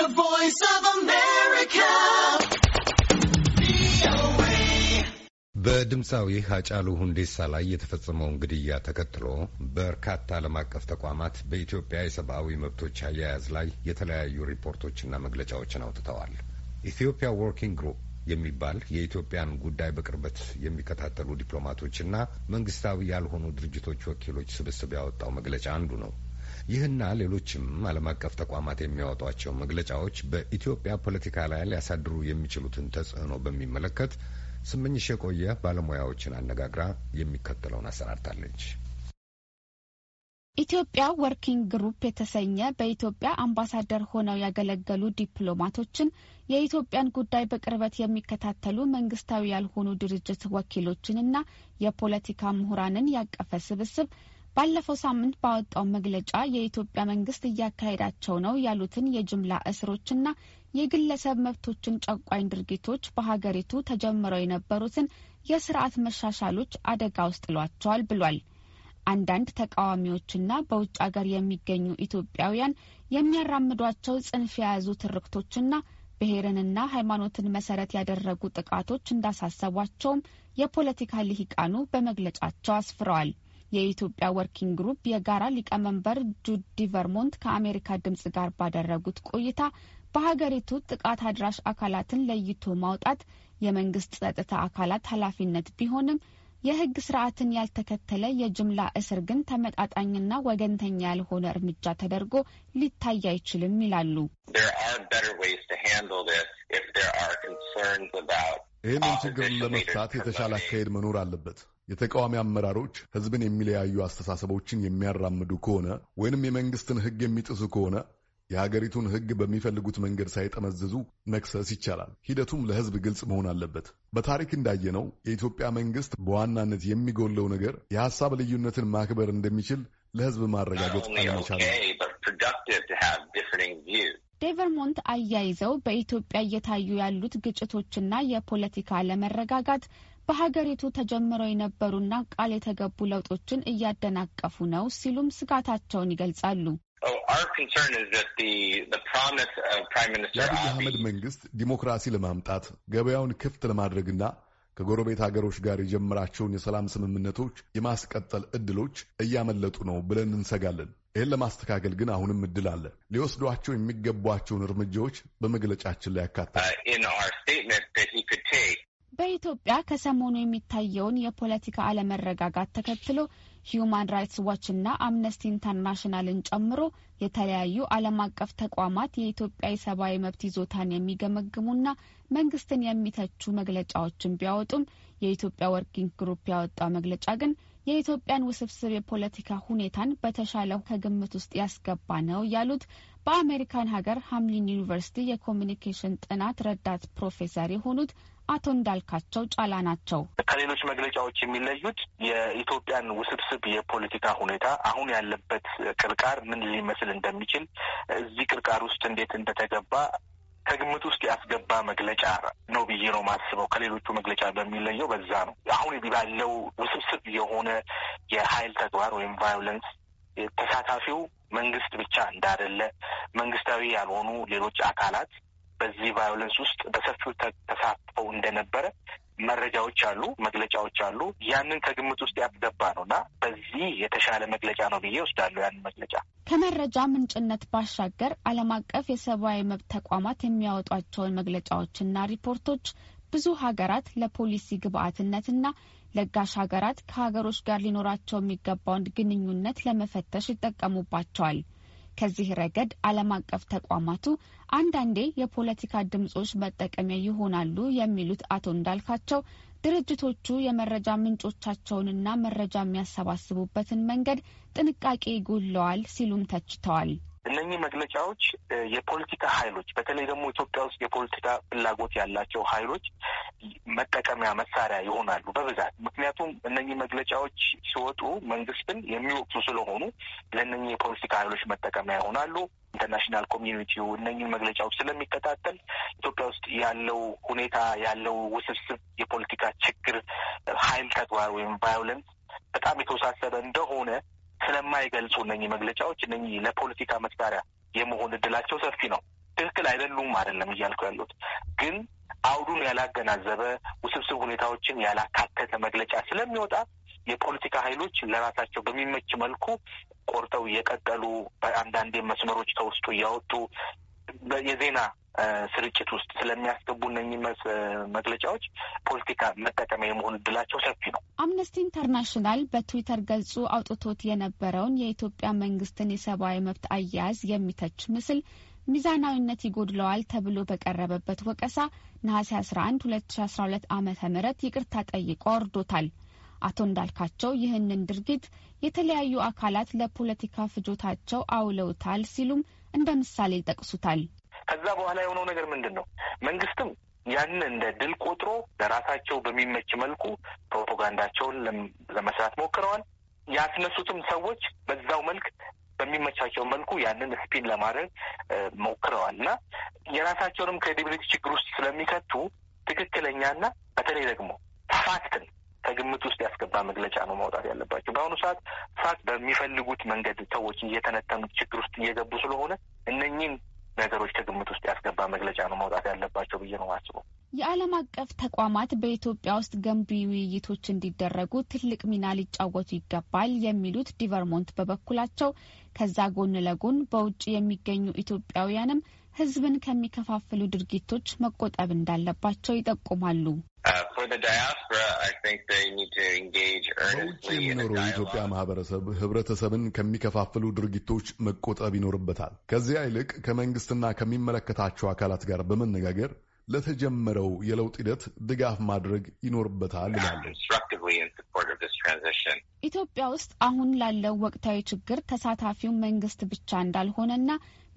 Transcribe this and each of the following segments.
The Voice of America. በድምፃዊ ሀጫሉ ሁንዴሳ ላይ የተፈጸመውን ግድያ ተከትሎ በርካታ ዓለም አቀፍ ተቋማት በኢትዮጵያ የሰብአዊ መብቶች አያያዝ ላይ የተለያዩ ሪፖርቶችና መግለጫዎችን አውጥተዋል። ኢትዮጵያ ወርኪንግ ግሩፕ የሚባል የኢትዮጵያን ጉዳይ በቅርበት የሚከታተሉ ዲፕሎማቶችና መንግስታዊ ያልሆኑ ድርጅቶች ወኪሎች ስብስብ ያወጣው መግለጫ አንዱ ነው። ይህና ሌሎችም ዓለም አቀፍ ተቋማት የሚያወጧቸው መግለጫዎች በኢትዮጵያ ፖለቲካ ላይ ሊያሳድሩ የሚችሉትን ተጽዕኖ በሚመለከት ስምኝሽ የቆየ ባለሙያዎችን አነጋግራ የሚከተለውን አሰራርታለች። ኢትዮጵያ ወርኪንግ ግሩፕ የተሰኘ በኢትዮጵያ አምባሳደር ሆነው ያገለገሉ ዲፕሎማቶችን የኢትዮጵያን ጉዳይ በቅርበት የሚከታተሉ መንግስታዊ ያልሆኑ ድርጅት ወኪሎችንና የፖለቲካ ምሁራንን ያቀፈ ስብስብ ባለፈው ሳምንት ባወጣው መግለጫ የኢትዮጵያ መንግስት እያካሄዳቸው ነው ያሉትን የጅምላ እስሮችና የግለሰብ መብቶችን ጨቋኝ ድርጊቶች በሀገሪቱ ተጀምረው የነበሩትን የስርዓት መሻሻሎች አደጋ ውስጥ ሏቸዋል ብሏል። አንዳንድ ተቃዋሚዎችና በውጭ አገር የሚገኙ ኢትዮጵያውያን የሚያራምዷቸው ጽንፍ የያዙ ትርክቶችና ብሔርንና ሃይማኖትን መሰረት ያደረጉ ጥቃቶች እንዳሳሰቧቸውም የፖለቲካ ልሂቃኑ በመግለጫቸው አስፍረዋል። የኢትዮጵያ ወርኪንግ ግሩፕ የጋራ ሊቀመንበር ጁዲ ቨርሞንት ከአሜሪካ ድምጽ ጋር ባደረጉት ቆይታ በሀገሪቱ ጥቃት አድራሽ አካላትን ለይቶ ማውጣት የመንግስት ጸጥታ አካላት ኃላፊነት ቢሆንም የህግ ስርዓትን ያልተከተለ የጅምላ እስር ግን ተመጣጣኝና ወገንተኛ ያልሆነ እርምጃ ተደርጎ ሊታይ አይችልም ይላሉ። ይህንን ችግር ለመፍታት የተሻለ አካሄድ መኖር አለበት። የተቃዋሚ አመራሮች ህዝብን የሚለያዩ አስተሳሰቦችን የሚያራምዱ ከሆነ ወይንም የመንግስትን ህግ የሚጥሱ ከሆነ የሀገሪቱን ህግ በሚፈልጉት መንገድ ሳይጠመዝዙ መክሰስ ይቻላል። ሂደቱም ለህዝብ ግልጽ መሆን አለበት። በታሪክ እንዳየነው የኢትዮጵያ መንግስት በዋናነት የሚጎለው ነገር የሀሳብ ልዩነትን ማክበር እንደሚችል ለህዝብ ማረጋገጥ አለመቻል ዴቨርሞንት አያይዘው በኢትዮጵያ እየታዩ ያሉት ግጭቶችና የፖለቲካ አለመረጋጋት በሀገሪቱ ተጀምረው የነበሩና ቃል የተገቡ ለውጦችን እያደናቀፉ ነው ሲሉም ስጋታቸውን ይገልጻሉ። oh, የአብይ አህመድ መንግስት ዲሞክራሲ ለማምጣት ገበያውን ክፍት ለማድረግና ከጎረቤት ሀገሮች ጋር የጀመራቸውን የሰላም ስምምነቶች የማስቀጠል እድሎች እያመለጡ ነው ብለን እንሰጋለን። ይህን ለማስተካከል ግን አሁንም እድል አለ። ሊወስዷቸው የሚገቧቸውን እርምጃዎች በመግለጫችን ላይ ያካታል በኢትዮጵያ ከሰሞኑ የሚታየውን የፖለቲካ አለመረጋጋት ተከትሎ ሂዩማን ራይትስ ዋችና አምነስቲ ኢንተርናሽናልን ጨምሮ የተለያዩ ዓለም አቀፍ ተቋማት የኢትዮጵያ የሰብአዊ መብት ይዞታን የሚገመግሙና መንግስትን የሚተቹ መግለጫዎችን ቢያወጡም የኢትዮጵያ ወርኪንግ ግሩፕ ያወጣው መግለጫ ግን የኢትዮጵያን ውስብስብ የፖለቲካ ሁኔታን በተሻለ ከግምት ውስጥ ያስገባ ነው ያሉት በአሜሪካን ሀገር ሀምሊን ዩኒቨርሲቲ የኮሚኒኬሽን ጥናት ረዳት ፕሮፌሰር የሆኑት አቶ እንዳልካቸው ጫላ ናቸው። ከሌሎች መግለጫዎች የሚለዩት የኢትዮጵያን ውስብስብ የፖለቲካ ሁኔታ አሁን ያለበት ቅርቃር ምን ሊመስል እንደሚችል እዚህ ቅርቃር ውስጥ እንዴት እንደተገባ ከግምት ውስጥ ያስገባ መግለጫ ነው ብዬ ነው ማስበው። ከሌሎቹ መግለጫ በሚለየው በዛ ነው። አሁን ባለው ውስብስብ የሆነ የኃይል ተግባር ወይም ቫዮለንስ ተሳታፊው መንግስት ብቻ እንዳደለ መንግስታዊ ያልሆኑ ሌሎች አካላት በዚህ ቫዮለንስ ውስጥ በሰፊው ተሳ ተለጥፈው እንደነበረ መረጃዎች አሉ፣ መግለጫዎች አሉ። ያንን ከግምት ውስጥ ያስገባ ነው እና በዚህ የተሻለ መግለጫ ነው ብዬ ወስዳለሁ። ያንን መግለጫ ከመረጃ ምንጭነት ባሻገር ዓለም አቀፍ የሰብአዊ መብት ተቋማት የሚያወጧቸውን መግለጫዎችና ሪፖርቶች ብዙ ሀገራት ለፖሊሲ ግብአትነትና ለጋሽ ሀገራት ከሀገሮች ጋር ሊኖራቸው የሚገባውን ግንኙነት ለመፈተሽ ይጠቀሙባቸዋል። ከዚህ ረገድ ዓለም አቀፍ ተቋማቱ አንዳንዴ የፖለቲካ ድምጾች መጠቀሚያ ይሆናሉ የሚሉት አቶ እንዳልካቸው ድርጅቶቹ የመረጃ ምንጮቻቸውንና መረጃ የሚያሰባስቡበትን መንገድ ጥንቃቄ ይጎለዋል ሲሉም ተችተዋል። እነኚህ መግለጫዎች የፖለቲካ ኃይሎች በተለይ ደግሞ ኢትዮጵያ ውስጥ የፖለቲካ ፍላጎት ያላቸው ኃይሎች መጠቀሚያ መሳሪያ ይሆናሉ በብዛት ምክንያቱም እነኚህ መግለጫዎች ሲወጡ መንግስትን የሚወቅሱ ስለሆኑ ለእነኚህ የፖለቲካ ኃይሎች መጠቀሚያ ይሆናሉ። ኢንተርናሽናል ኮሚዩኒቲው እነ መግለጫዎች ስለሚከታተል ኢትዮጵያ ውስጥ ያለው ሁኔታ ያለው ውስብስብ የፖለቲካ ችግር ኃይል ተግባር ወይም ቫዮለንስ በጣም የተወሳሰበ እንደሆነ ስለማይገልጹ እነኚህ መግለጫዎች እነኚህ ለፖለቲካ መሳሪያ የመሆን እድላቸው ሰፊ ነው። ትክክል አይደሉም አይደለም እያልኩ ያሉት ግን አውዱን ያላገናዘበ ውስብስብ ሁኔታዎችን ያላካተተ መግለጫ ስለሚወጣ የፖለቲካ ኃይሎች ለራሳቸው በሚመች መልኩ ቆርጠው እየቀጠሉ በአንዳንዴ መስመሮች ተውስጡ እያወጡ የዜና ስርጭት ውስጥ ስለሚያስገቡ እነኚህ መግለጫዎች ፖለቲካ መጠቀሚያ የመሆን እድላቸው ሰፊ ነው። አምነስቲ ኢንተርናሽናል በትዊተር ገጹ አውጥቶት የነበረውን የኢትዮጵያ መንግስትን የሰብአዊ መብት አያያዝ የሚተች ምስል ሚዛናዊነት ይጎድለዋል ተብሎ በቀረበበት ወቀሳ ነሐሴ 11 2012 ዓ ም ይቅርታ ጠይቆ ወርዶታል። አቶ እንዳልካቸው ይህንን ድርጊት የተለያዩ አካላት ለፖለቲካ ፍጆታቸው አውለውታል ሲሉም እንደ ምሳሌ ይጠቅሱታል። ከዛ በኋላ የሆነው ነገር ምንድን ነው? መንግስትም ያንን እንደ ድል ቆጥሮ ለራሳቸው በሚመች መልኩ ፕሮፓጋንዳቸውን ለመስራት ሞክረዋል። ያስነሱትም ሰዎች በዛው መልክ በሚመቻቸው መልኩ ያንን ስፒን ለማድረግ ሞክረዋል እና የራሳቸውንም ክሬዲቢሊቲ ችግር ውስጥ ስለሚከቱ ትክክለኛና በተለይ ደግሞ ፋክትን ከግምት ውስጥ ያስገባ መግለጫ ነው ማውጣት ያለባቸው። በአሁኑ ሰዓት ፋክት በሚፈልጉት መንገድ ሰዎች እየተነተኑት ችግር ውስጥ እየገቡ ስለሆነ እነኚህን ነገሮች ከግምት ውስጥ ያስገባ መግለጫ ነው መውጣት ያለባቸው ብዬ ነው ማስበው። የዓለም አቀፍ ተቋማት በኢትዮጵያ ውስጥ ገንቢ ውይይቶች እንዲደረጉ ትልቅ ሚና ሊጫወቱ ይገባል የሚሉት ዲቨርሞንት በበኩላቸው ከዛ ጎን ለጎን በውጭ የሚገኙ ኢትዮጵያውያንም ሕዝብን ከሚከፋፍሉ ድርጊቶች መቆጠብ እንዳለባቸው ይጠቁማሉ። Uh, በውጭ የሚኖረው የኢትዮጵያ ማህበረሰብ ህብረተሰብን ከሚከፋፍሉ ድርጊቶች መቆጠብ ይኖርበታል። ከዚያ ይልቅ ከመንግስትና ከሚመለከታቸው አካላት ጋር በመነጋገር ለተጀመረው የለውጥ ሂደት ድጋፍ ማድረግ ይኖርበታል ይላሉ። ኦርጋናይዜሽን ኢትዮጵያ ውስጥ አሁን ላለው ወቅታዊ ችግር ተሳታፊው መንግስት ብቻ እንዳልሆነና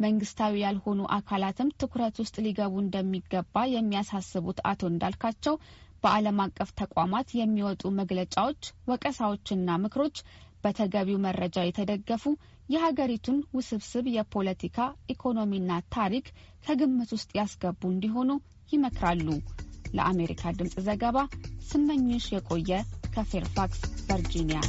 መንግስታዊ ያልሆኑ አካላትም ትኩረት ውስጥ ሊገቡ እንደሚገባ የሚያሳስቡት አቶ እንዳልካቸው በዓለም አቀፍ ተቋማት የሚወጡ መግለጫዎች፣ ወቀሳዎችና ምክሮች በተገቢው መረጃ የተደገፉ የሀገሪቱን ውስብስብ የፖለቲካ ኢኮኖሚና ታሪክ ከግምት ውስጥ ያስገቡ እንዲሆኑ ይመክራሉ። ለአሜሪካ ድምፅ ዘገባ ስመኝሽ የቆየ ከፌርፋክስ ቨርጂኒያ